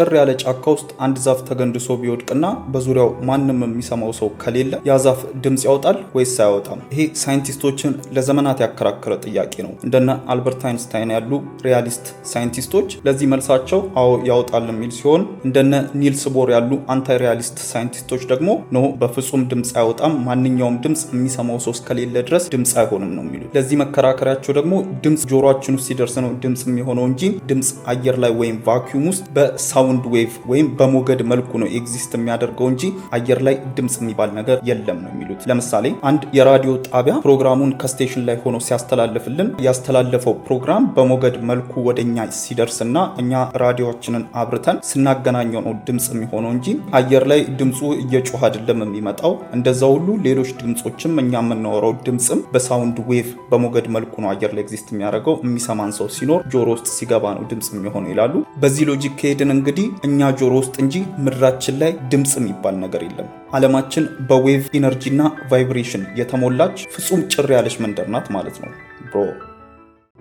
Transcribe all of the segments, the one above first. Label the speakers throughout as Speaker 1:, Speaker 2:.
Speaker 1: ጭር ያለ ጫካ ውስጥ አንድ ዛፍ ተገንድሶ ቢወድቅና በዙሪያው ማንም የሚሰማው ሰው ከሌለ ያ ዛፍ ድምፅ ያወጣል ወይስ አያወጣም? ይሄ ሳይንቲስቶችን ለዘመናት ያከራከረ ጥያቄ ነው። እንደነ አልበርት አይንስታይን ያሉ ሪያሊስት ሳይንቲስቶች ለዚህ መልሳቸው አዎ ያወጣል የሚል ሲሆን እንደነ ኒልስ ቦር ያሉ አንታይ ሪያሊስት ሳይንቲስቶች ደግሞ ኖ በፍጹም ድምፅ አያወጣም፣ ማንኛውም ድምፅ የሚሰማው ሰው እስከሌለ ድረስ ድምፅ አይሆንም ነው የሚሉ። ለዚህ መከራከሪያቸው ደግሞ ድምፅ ጆሮችን ውስጥ ሲደርስ ነው ድምፅ የሚሆነው እንጂ ድምፅ አየር ላይ ወይም ቫኪዩም ውስጥ በሳው ሳውንድ ዌቭ ወይም በሞገድ መልኩ ነው ኤግዚስት የሚያደርገው እንጂ አየር ላይ ድምፅ የሚባል ነገር የለም ነው የሚሉት። ለምሳሌ አንድ የራዲዮ ጣቢያ ፕሮግራሙን ከስቴሽን ላይ ሆኖ ሲያስተላልፍልን ያስተላለፈው ፕሮግራም በሞገድ መልኩ ወደኛ ሲደርስና እኛ ራዲዮችንን አብርተን ስናገናኘው ነው ድምፅ የሚሆነው እንጂ አየር ላይ ድምፁ እየጮህ አይደለም የሚመጣው። እንደዛ ሁሉ ሌሎች ድምፆችም እኛ የምናወራው ድምፅም በሳውንድ ዌቭ በሞገድ መልኩ ነው አየር ላይ ኤግዚስት የሚያደርገው። የሚሰማን ሰው ሲኖር ጆሮ ውስጥ ሲገባ ነው ድምፅ የሚሆነው ይላሉ። በዚህ ሎጂክ ከሄድን እንግዲህ እንግዲህ እኛ ጆሮ ውስጥ እንጂ ምድራችን ላይ ድምፅ የሚባል ነገር የለም። ዓለማችን በዌቭ ኢነርጂና ቫይብሬሽን የተሞላች ፍጹም ጭር ያለች መንደር ናት ማለት ነው ብሮ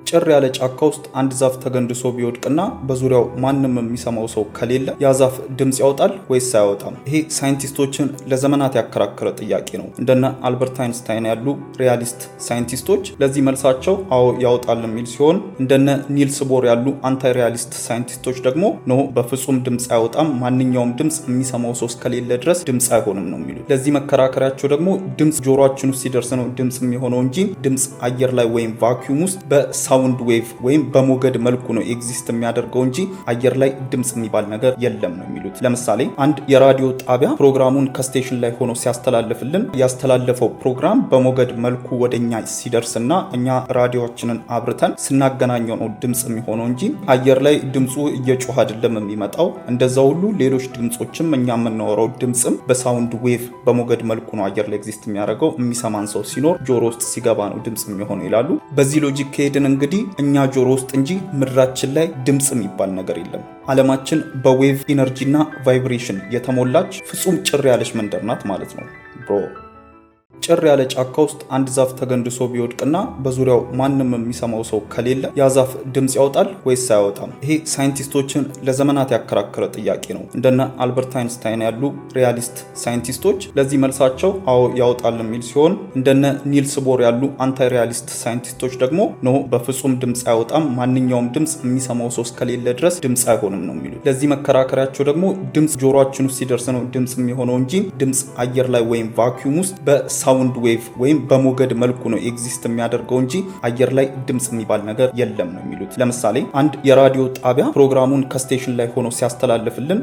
Speaker 1: ጭር ያለ ጫካ ውስጥ አንድ ዛፍ ተገንድሶ ቢወድቅና በዙሪያው ማንም የሚሰማው ሰው ከሌለ ያ ዛፍ ድምፅ ያወጣል ወይስ አያወጣም? ይሄ ሳይንቲስቶችን ለዘመናት ያከራከረ ጥያቄ ነው። እንደነ አልበርት አይንስታይን ያሉ ሪያሊስት ሳይንቲስቶች ለዚህ መልሳቸው አዎ ያወጣል የሚል ሲሆን እንደነ ኒልስ ቦር ያሉ አንታይ ሪያሊስት ሳይንቲስቶች ደግሞ ኖ በፍጹም ድምፅ አይወጣም፣ ማንኛውም ድምፅ የሚሰማው ሰው እስከሌለ ድረስ ድምፅ አይሆንም ነው የሚሉት። ለዚህ መከራከሪያቸው ደግሞ ድምፅ ጆሮችን ውስጥ ሲደርስ ነው ድምፅ የሚሆነው እንጂ ድምፅ አየር ላይ ወይም ቫኪዩም ውስጥ በሳ ሳውንድ ዌቭ ወይም በሞገድ መልኩ ነው ኤግዚስት የሚያደርገው እንጂ አየር ላይ ድምፅ የሚባል ነገር የለም ነው የሚሉት። ለምሳሌ አንድ የራዲዮ ጣቢያ ፕሮግራሙን ከስቴሽን ላይ ሆኖ ሲያስተላልፍልን ያስተላለፈው ፕሮግራም በሞገድ መልኩ ወደኛ ሲደርስና እኛ ራዲዮችንን አብርተን ስናገናኘው ነው ድምፅ የሚሆነው እንጂ አየር ላይ ድምፁ እየጮህ አይደለም የሚመጣው። እንደዛ ሁሉ ሌሎች ድምፆችም እኛ የምናወረው ድምፅም በሳውንድ ዌቭ በሞገድ መልኩ ነው አየር ላይ ኤግዚስት የሚያደርገው። የሚሰማን ሰው ሲኖር ጆሮ ውስጥ ሲገባ ነው ድምፅ የሚሆነው ይላሉ። በዚህ ሎጂክ ከሄድን እንግዲህ እንግዲህ እኛ ጆሮ ውስጥ እንጂ ምድራችን ላይ ድምፅ የሚባል ነገር የለም። ዓለማችን በዌቭ ኢነርጂና ቫይብሬሽን የተሞላች ፍጹም ጭር ያለች መንደር ናት ማለት ነው ብሮ ጭር ያለ ጫካ ውስጥ አንድ ዛፍ ተገንድሶ ቢወድቅና በዙሪያው ማንም የሚሰማው ሰው ከሌለ ያ ዛፍ ድምፅ ያወጣል ወይስ አያወጣም? ይሄ ሳይንቲስቶችን ለዘመናት ያከራከረ ጥያቄ ነው። እንደነ አልበርት አይንስታይን ያሉ ሪያሊስት ሳይንቲስቶች ለዚህ መልሳቸው አዎ ያወጣል የሚል ሲሆን እንደነ ኒልስ ቦር ያሉ አንታይ ሪያሊስት ሳይንቲስቶች ደግሞ ኖ በፍጹም ድምፅ አያወጣም፣ ማንኛውም ድምፅ የሚሰማው ሰው እስከሌለ ድረስ ድምፅ አይሆንም ነው የሚሉት። ለዚህ መከራከሪያቸው ደግሞ ድምፅ ጆሮችን ውስጥ ሲደርስ ነው ድምፅ የሚሆነው እንጂ ድምፅ አየር ላይ ወይም ቫኪዩም ውስጥ ሳውንድ ዌቭ ወይም በሞገድ መልኩ ነው ኤግዚስት የሚያደርገው እንጂ አየር ላይ ድምፅ የሚባል ነገር የለም ነው የሚሉት። ለምሳሌ አንድ የራዲዮ ጣቢያ ፕሮግራሙን ከስቴሽን ላይ ሆኖ ሲያስተላልፍልን